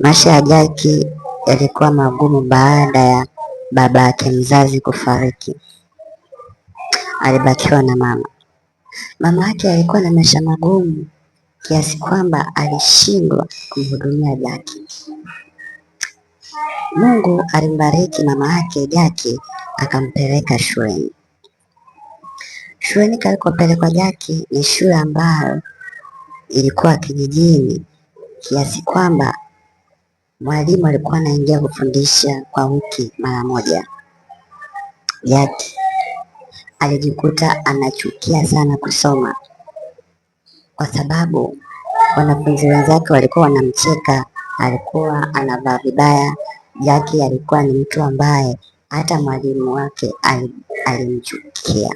Maisha ya jaki yalikuwa magumu baada ya baba yake mzazi kufariki. Alibakiwa na mama. Mama yake alikuwa na maisha magumu kiasi kwamba alishindwa kumhudumia jaki Mungu alimbariki mama yake jaki akampeleka shuleni. Shuleni kalikopelekwa jaki ni shule ambayo ilikuwa kijijini kiasi kwamba Mwalimu alikuwa anaingia kufundisha kwa wiki mara moja. Yake alijikuta anachukia sana kusoma, kwa sababu wanafunzi wenzake walikuwa wanamcheka, alikuwa anavaa vibaya. Jaki alikuwa ni mtu ambaye hata mwalimu wake alimchukia.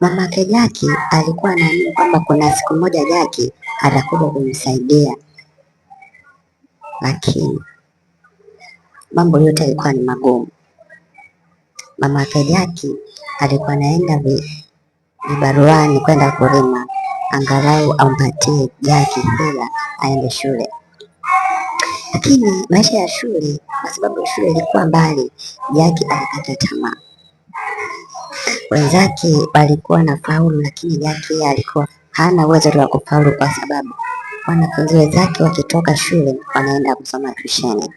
Mamake Jaki alikuwa anaamini kwamba kuna siku moja Jaki atakuja kumsaidia lakini mambo yote yalikuwa ni magumu. Mama yake Jaki alikuwa anaenda vibaruani kwenda kulima angalau ampatie Jaki hela aende shule, lakini maisha ya shule, kwa sababu shule ilikuwa mbali, Jaki alikata tamaa. Wenzake walikuwa na faulu, lakini Jaki alikuwa hana uwezo wa kufaulu kwa sababu Wanafunzi wenzake wakitoka shule wanaenda kusoma tusheni,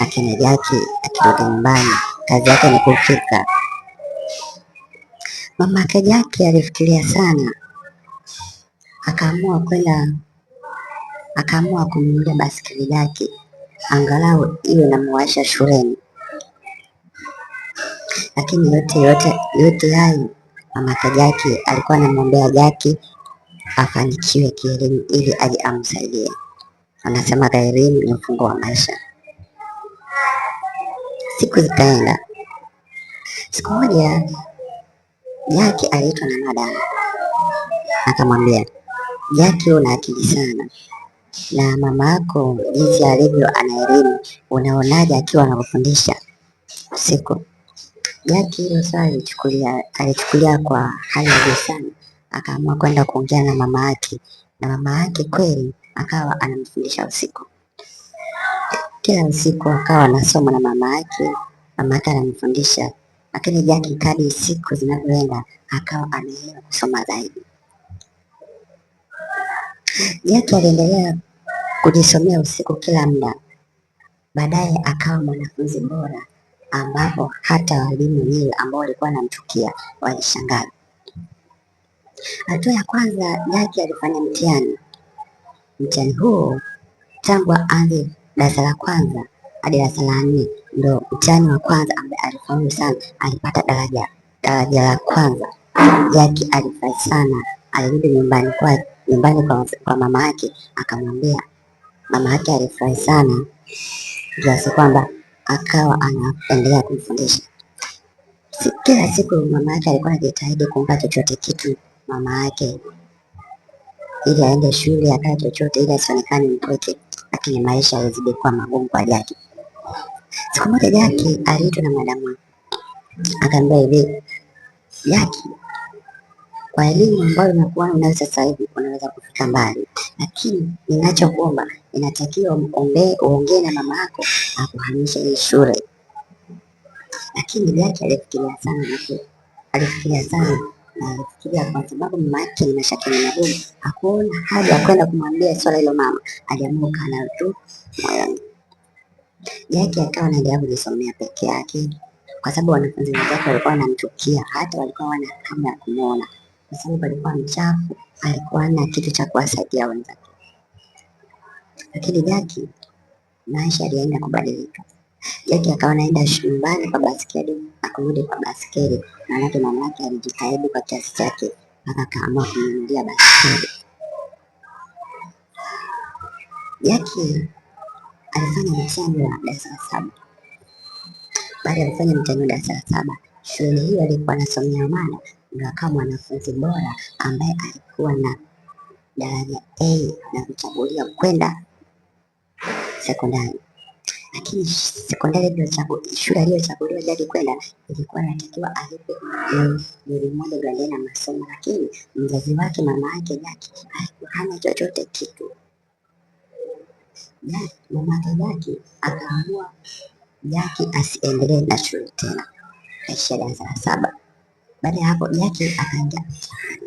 lakini Jaki akirudi nyumbani kazi yake ni kufika Mamake Jaki alifikiria sana, akaamua kwenda, akaamua kumnunulia basikeli Jaki angalau iwe namwasha shuleni. Lakini yote yote yote hayo mamake Jaki alikuwa anamwombea Jaki afanikiwe kielimu ili aje amsaidie. Anasema elimu ni mfungo wa maisha. Siku zikaenda, siku moja Jaki aliitwa na madam, akamwambia Jaki, una akili sana na mama yako jinsi alivyo ana elimu, unaonaje akiwa anakufundisha usiku? Jaki hilo swali alichukulia kwa hali ya juu sana akaamua kwenda kuongea na mama yake, na mama yake kweli akawa anamfundisha usiku. Kila usiku akawa anasoma na mama yake, mama yake anamfundisha, lakini Jaki kadi siku zinavyoenda akawa anaelewa kusoma zaidi. Jaki aliendelea kujisomea usiku kila muda, baadaye akawa mwanafunzi bora, ambapo hata walimu wenyewe ambao walikuwa wanamchukia walishangaa. Hatua ya kwanza, yake alifanya mtihani. Mtihani huo tangu aanze darasa la kwanza hadi darasa la nne ndo mtihani wa kwanza ambaye alifaulu sana, alipata daraja daraja la kwanza. Jaki alifurahi sana, alirudi nyumbani kwa nyumbani kwa, kwa mama yake akamwambia. Mama yake alifurahi sana kiasi kwamba akawa anaendelea kumfundisha kila siku. Mama yake alikuwa anajitahidi kumpa chochote kitu mama yake ili aende shule akae chochote ili asionekane mpweke, lakini maisha yazidi kuwa magumu kwa Jaki. Siku moja Jaki aliitwa na madamu akaambia hivi, Jaki, kwa elimu ambayo unakuwa nayo sasa hivi unaweza kufika mbali, lakini ninachokuomba inatakiwa mkombee, uongee na mama yako akuhamishe hii shule. Lakini Jaki alifikiria sana, alifikiria sana alifikiria kwa sababu mama yake ni mashakili madogo, hakuona haja ya kwenda kumwambia swala hilo. Mama aliamua kukaa nayo tu moyoni. Jaki akawa anaendelea kujisomea peke yake, kwa sababu wanafunzi wenzake walikuwa wanamchukia, hata walikuwa wana hamu ya kumwona, kwa sababu alikuwa mchafu, alikuwa na kitu cha kuwasaidia wenzake. Lakini Jaki maisha alienda kubadilika. Jaki yaani akawa naenda shambani kwa baskeli akarudi kwa baskeli, maanake mamake alijitahidi kwa kiasi chake mpaka akaamua kumnunulia baskeli. Jaki alifanya mtihani wa darasa la saba. Baada ya kufanya mtihani wa darasa la saba, shule hiyo alikuwa anasomea mwana ndio akawa mwanafunzi bora ambaye alikuwa na daraja A na kuchaguliwa kwenda sekondari lakini sekondari shule aliyochaguliwa Jadi kwenda ilikuwa natakiwa alipe milioni moja ndio na masomo, lakini mzazi wake mama yake Jaki hana chochote kitu. Mama yake Jaki akaamua Jaki asiendelee na shule tena, kaishia darasa la saba. Baada ya hapo Jaki akaingia mtihani